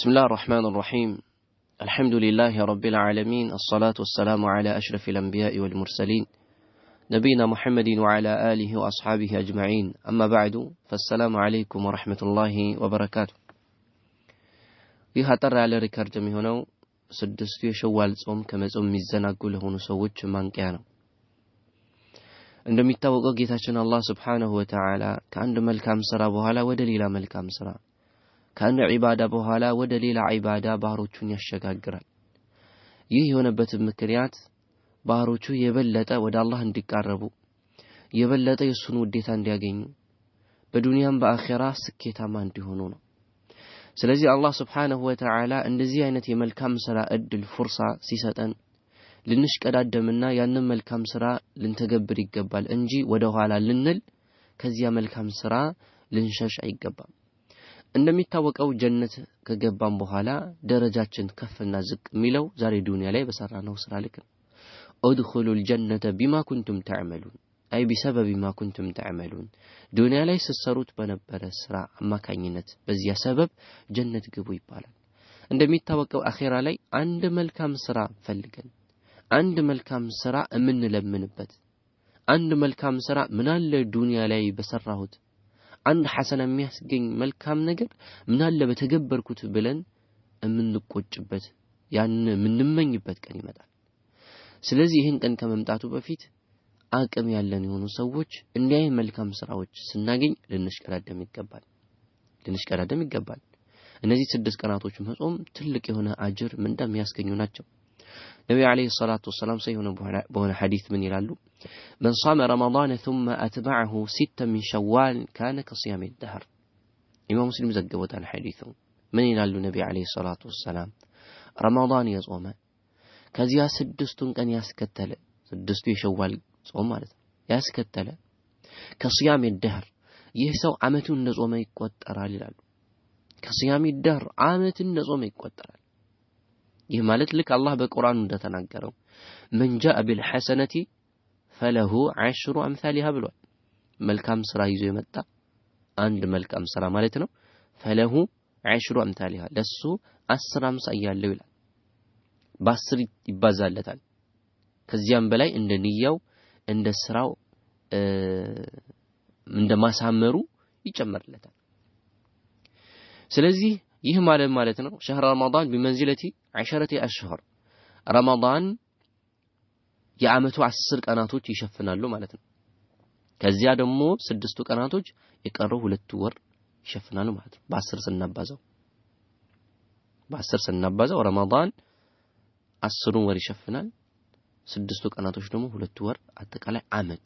بسم الله الرحمن الرحيم الحمد لله رب العالمين الصلاة والسلام على أشرف الأنبياء والمرسلين نبينا محمد وعلى آله وأصحابه أجمعين أما بعد فالسلام عليكم ورحمة الله وبركاته ይህ አጠር ያለ ሪከርድ የሚሆነው ስድስቱ የሸዋል ጾም ከመጾም የሚዘናጉ ለሆኑ ሰዎች ማንቂያ ነው እንደሚታወቀው ጌታችን አላህ الله سبحانه وتعالى كأن ስራ በኋላ ወደ ودليل መልካም ስራ ከአንድ ዒባዳ በኋላ ወደ ሌላ ዒባዳ ባህሮቹን ያሸጋግራል። ይህ የሆነበትን ምክንያት ባህሮቹ የበለጠ ወደ አላህ እንዲቃረቡ፣ የበለጠ የእሱን ውዴታ እንዲያገኙ፣ በዱንያም በአኼራ ስኬታማ እንዲሆኑ ነው። ስለዚህ አላህ ስብሓንሁ ወተዓላ እንደዚህ አይነት የመልካም ሥራ ዕድል ፉርሳ ሲሰጠን ልንሽቀዳደምና ያንን መልካም ሥራ ልንተገብር ይገባል እንጂ ወደ ኋላ ልንል ከዚያ መልካም ሥራ ልንሸሽ አይገባም። እንደሚታወቀው ጀነት ከገባም በኋላ ደረጃችን ከፍና ዝቅ የሚለው ዛሬ ዱንያ ላይ በሰራነው ስራ ልክ ነው። ኡድኹሉል ጀነተ ቢማ ኩንቱም ተዕመሉን አይ ቢሰበብ ማ ኩንቱም ተዕመሉን ዱንያ ላይ ስትሰሩት በነበረ ስራ አማካኝነት በዚያ ሰበብ ጀነት ግቡ ይባላል። እንደሚታወቀው አኼራ ላይ አንድ መልካም ስራ ፈልገን አንድ መልካም ስራ የምንለምንበት አንድ መልካም ስራ ምናለ ዱንያ ላይ በሰራሁት አንድ ሐሰና የሚያስገኝ መልካም ነገር ምናለ በተገበርኩት ብለን የምንቆጭበት ያን የምንመኝበት ቀን ይመጣል። ስለዚህ ይህን ቀን ከመምጣቱ በፊት አቅም ያለን የሆኑ ሰዎች እንዲህ መልካም ስራዎች ስናገኝ ልንሽቀዳደም ይገባል፣ ልንሽቀዳደም ይገባል። እነዚህ ስድስት ቀናቶች መጾም ትልቅ የሆነ አጅር ምንዳ የሚያስገኙ ናቸው። ነቢ ዓለይሂ ሰላቱ ወሰላም ሰሒህ በሆነ ሐዲስ ምን ይላሉ? من صام رمضان ثم أتبعه ستا من شوال كان كصيام الدهر إمام مسلم زقبت عن حديثه من إلى النبي عليه الصلاة والسلام رمضان يزوم كذي سدستن كان يسكتل سدستو شوال صوم يسكتل كصيام الدهر يهسو عمت النزوم يكوت أرالي لالو كصيام الدهر عمت النزوم يكوت أرالي يهمالت لك الله بالقرآن من جاء بالحسنة ፈለሁ አሽሩ አምሳሊሃ ብሏል። መልካም ስራ ይዞ የመጣ አንድ መልካም ስራ ማለት ነው። ፈለሁ አሽሩ አምሳሊሃ ለሱ አስር አምሳያ ያለው ይላል። በአስር ይባዛለታል። ከዚያም በላይ እንደ ንያው እንደ ስራው እንደ ማሳመሩ ይጨመርለታል። ስለዚህ ይህ ማለት ማለት ነው ሸህር ረመዳን ቢመንዚለቲ ዐሸረቲ አሽሁር ረመዳን የአመቱ አስር ቀናቶች ይሸፍናሉ ማለት ነው። ከዚያ ደግሞ ስድስቱ ቀናቶች የቀረው ሁለቱ ወር ይሸፍናሉ ማለት ነው። በአስር ስናባዛው በአስር ስናባዛው ረመዳን አስሩን ወር ይሸፍናል። ስድስቱ ቀናቶች ደግሞ ሁለቱ ወር አጠቃላይ አመት።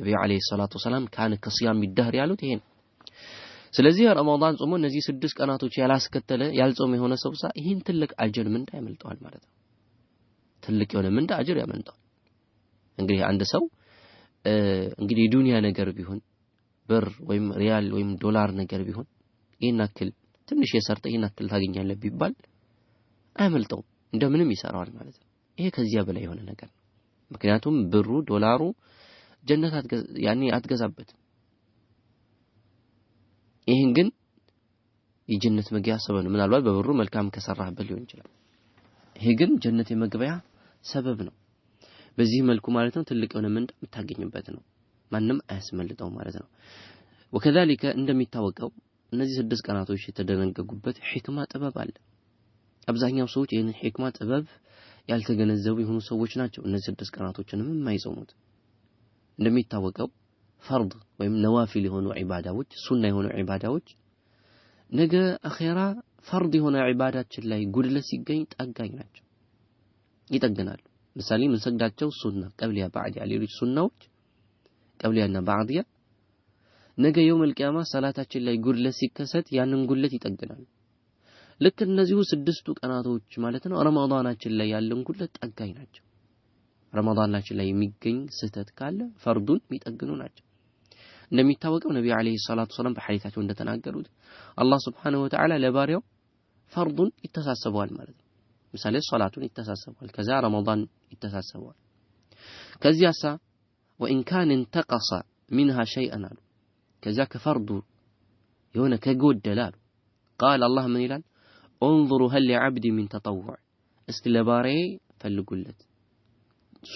ነቢዩ ዓለይሂ ሰላቱ ወሰላም ካነ ከስያም ይዳህር ያሉት ይሄ ነው። ስለዚህ ረመዳን ጾሞ እነዚህ ስድስት ቀናቶች ያላስከተለ ያልጾመ የሆነ ሰው ሳ ይህን ትልቅ አጀር ምንዳ ያመልጠዋል ማለት ነው። ትልቅ የሆነ ምንዳ አጀር ያመልጠዋል። እንግዲህ አንድ ሰው እንግዲህ የዱንያ ነገር ቢሆን ብር ወይም ሪያል ወይም ዶላር ነገር ቢሆን ይህን አክል ትንሽ የሰርጠ ይህን አክል ታገኛለህ ቢባል አያመልጠውም፣ እንደምንም ይሰራዋል ማለት ነው። ይሄ ከዚያ በላይ የሆነ ነገር ነው። ምክንያቱም ብሩ ዶላሩ ጀነት ያኔ አትገዛበትም። ይህን ግን የጀነት መግቢያ ሰበብ ነው። ምናልባት በብሩ መልካም ከሰራህበት ሊሆን ይችላል። ይሄ ግን ጀነት የመግቢያ ሰበብ ነው። በዚህ መልኩ ማለት ነው ትልቅ የሆነ ምንዳ የምታገኝበት ነው። ማንም አያስመልጠው ማለት ነው። ወከዛሊከ እንደሚታወቀው እነዚህ ስድስት ቀናቶች የተደነገጉበት ሒክማ ጥበብ አለ። አብዛኛው ሰዎች ይህንን ሒክማ ጥበብ ያልተገነዘቡ የሆኑ ሰዎች ናቸው። እነዚህ ስድስት ቀናቶችንም የማይጾሙት እንደሚታወቀው ፈርድ ወይም ነዋፊል የሆኑ ዒባዳዎች፣ ሱና የሆኑ ዒባዳዎች ነገ አኼራ ፈርድ የሆነ ዒባዳችን ላይ ጉድለት ሲገኝ ጠጋኝ ናቸው፣ ይጠግናሉ። ምሳሌ የምንሰግዳቸው ሱና ቀብሊያ ባዕዲያ ሌሎች ሱናዎች ቀብሊያና ባዕዲያ ነገ የው አልቂያማ ሰላታችን ላይ ጉድለት ሲከሰት ያንን ጉድለት ይጠግናል። ልክ እነዚሁ ስድስቱ ቀናቶች ማለት ነው ረመዳናችን ላይ ያለን ጉድለት ጠጋኝ ናቸው። ረመዳናችን ላይ የሚገኝ ስህተት ካለ ፈርዱን የሚጠግኑ ናቸው። እንደሚታወቀው ነቢ ዓለይሂ ሰላቱ ሰላም በሐዲታቸው እንደተናገሩት አላህ ስብሓነሁ ወተዓላ ለባሪያው ፈርዱን ይተሳሰበዋል ማለት ነው። misalnya salatun ittasas sawal رمضان Ramadan ittasas سا وإن كان انتقص منها شيئا كزا فرض يونا كجود دلال قال الله من إلان انظروا هل لعبدي من تطوع استلباري فلقلت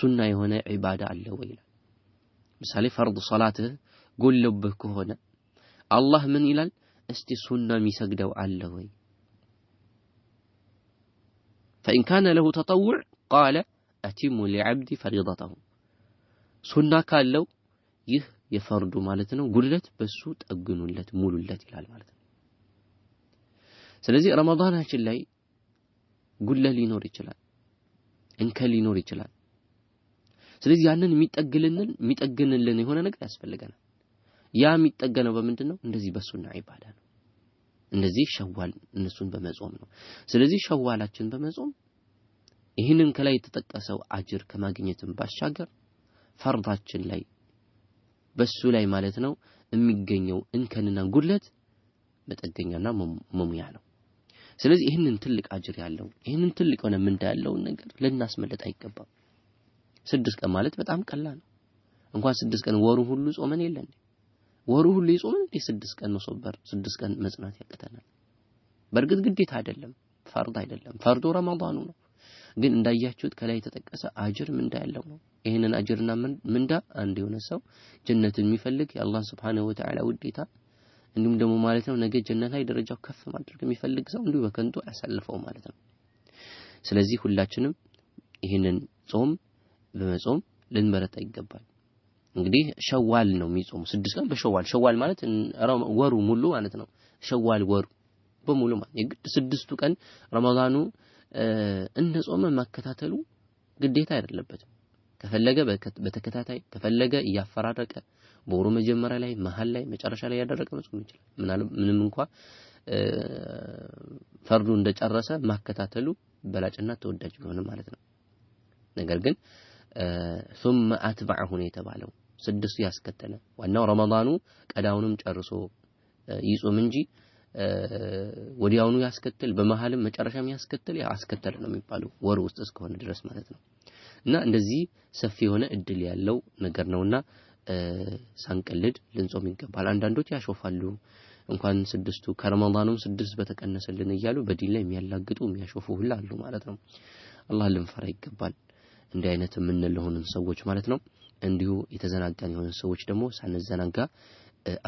سنة هنا عبادة اللويلة مثالي فرض صلاة قل لبك هنا الله من إلان استي سنة مسجدة اللويلة ፈኢን ካነ ለሁ ተጠውዕ ቃለ አቲሙ ሊዐብዲ ፈሪደተሁ ሱና ካለው ይህ የፈርዱ ማለት ነው ጉድለት በሱ ጠግኑለት ሙሉለት ይላል ማለት ነው። ስለዚህ ረመዳናችን ላይ ጉድለት ሊኖር ይችላል፣ እንከል ሊኖር ይችላል። ስለዚህ ያንን የሚጠግልንን የሚጠግንልን የሆነ ነገር ያስፈልገናል። ያ የሚጠገነው በምንድን ነው? እንደዚህ በሱና ዒባዳ ነው። እነዚህ ሸዋል እነሱን በመጾም ነው። ስለዚህ ሸዋላችን በመጾም ይህንን ከላይ የተጠቀሰው አጅር ከማግኘትም ባሻገር ፈርዳችን ላይ በሱ ላይ ማለት ነው የሚገኘው እንከንና ጉድለት መጠገኛና መሙያ ነው። ስለዚህ ይህንን ትልቅ አጅር ያለው ይህንን ትልቅ የሆነ ምንዳ ያለውን ነገር ልናስመለጥ አይገባም። ስድስት ቀን ማለት በጣም ቀላል ነው። እንኳን ስድስት ቀን ወሩ ሁሉ ጾመን የለን ወሩ ሁሉ ይጾም እንዴ? ስድስት ቀን ነው ሶበር፣ ስድስት ቀን መጽናት ያቅተናል። በእርግጥ ግዴታ አይደለም፣ ፈርድ አይደለም። ፈርዱ ረመዳኑ ነው። ግን እንዳያችሁት ከላይ የተጠቀሰ አጅር ምንዳ ያለው ነው። ይህንን አጅርና ምንዳ አንድ የሆነ ሰው ጀነትን የሚፈልግ የአላህ ስብሓነሁ ወተዓላ ውዴታ እንዲሁም ደግሞ ማለት ነው ነገ ጀነት ላይ ደረጃው ከፍ ማድረግ የሚፈልግ ሰው እንዲሁ በከንቱ አያሳልፈው ማለት ነው። ስለዚህ ሁላችንም ይህንን ጾም በመጾም ልንበረታ ይገባል። እንግዲህ ሸዋል ነው የሚጾሙ ስድስት ቀን በሸዋል ሸዋል ማለት ወሩ ሙሉ ማለት ነው። ሸዋል ወሩ በሙሉ ማለት የግድ ስድስቱ ቀን ረመዳኑ እንደጾመ ማከታተሉ መከታተሉ ግዴታ አይደለበትም። ከፈለገ በተከታታይ ከፈለገ እያፈራረቀ በወሩ መጀመሪያ ላይ፣ መሀል ላይ፣ መጨረሻ ላይ ያደረቀ መጾም ይችላል። ምንም እንኳ ፈርዱ እንደጨረሰ ማከታተሉ በላጭና ተወዳጅ ቢሆንም ማለት ነው። ነገር ግን ثم اتبعه ነው የተባለው። ስድስቱ ያስከተለ ዋናው ረመዳኑ ቀዳውንም ጨርሶ ይጾም እንጂ ወዲያውኑ ያስከትል በመሃልም መጨረሻም ያስከትል ያስከተለ ነው የሚባለው ወር ውስጥ እስከሆነ ድረስ ማለት ነው። እና እንደዚህ ሰፊ የሆነ እድል ያለው ነገር ነውና ሳንቀልድ ልንጾም ይገባል። አንዳንዶች ያሾፋሉ እንኳን ስድስቱ ከረመዳኑም ስድስት በተቀነሰልን እያሉ በዲን ላይ የሚያላግጡ የሚያሾፉ ሁላ አሉ ማለት ነው። አላህ ልንፈራ ይገባል። እንዲህ አይነት የምንለሆንን ሰዎች ማለት ነው። እንዲሁ የተዘናጋን የሆነ ሰዎች ደግሞ ሳንዘናጋ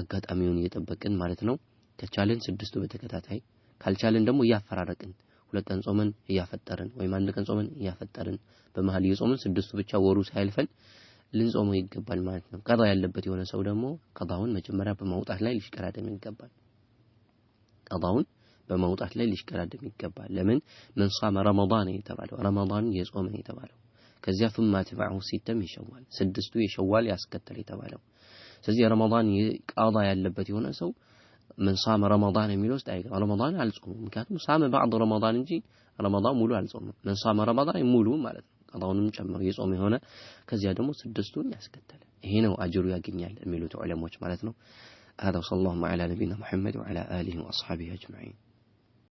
አጋጣሚውን እየጠበቅን ማለት ነው። ከቻልን ስድስቱ በተከታታይ ካልቻልን ደግሞ እያፈራረቅን ሁለት ቀን ጾመን እያፈጠርን ወይም አንድ ቀን ጾመን እያፈጠርን በመሀል እየጾምን ስድስቱ ብቻ ወሩ ሳያልፈን ልንጾመው ይገባል ማለት ነው። ቀዳ ያለበት የሆነ ሰው ደግሞ ቀዳውን መጀመሪያ በማውጣት ላይ ሊሽቀዳደም ይገባል። ቀዳውን በማውጣት ላይ ሊሽቀዳደም ይገባል። ለምን መን ረመዳን የተባለው ረመዳን የጾመ የተባለው كزيا ثم تبعه ستة من شوال سدستو يشوال ياسكتر يتبالو سزي رمضان يقاضى يلبت هنا سو من صام رمضان ميلوس دايق رمضان على الصوم مكات صام بعض رمضان نجي رمضان مولو على الصوم من صام رمضان مولو مالت قضاون مشمر يصوم هنا كزيا دمو سدستو ياسكتر هنا واجر يا جنيا ميلوت علموش مالتنو هذا صلى الله على نبينا محمد وعلى اله واصحابه اجمعين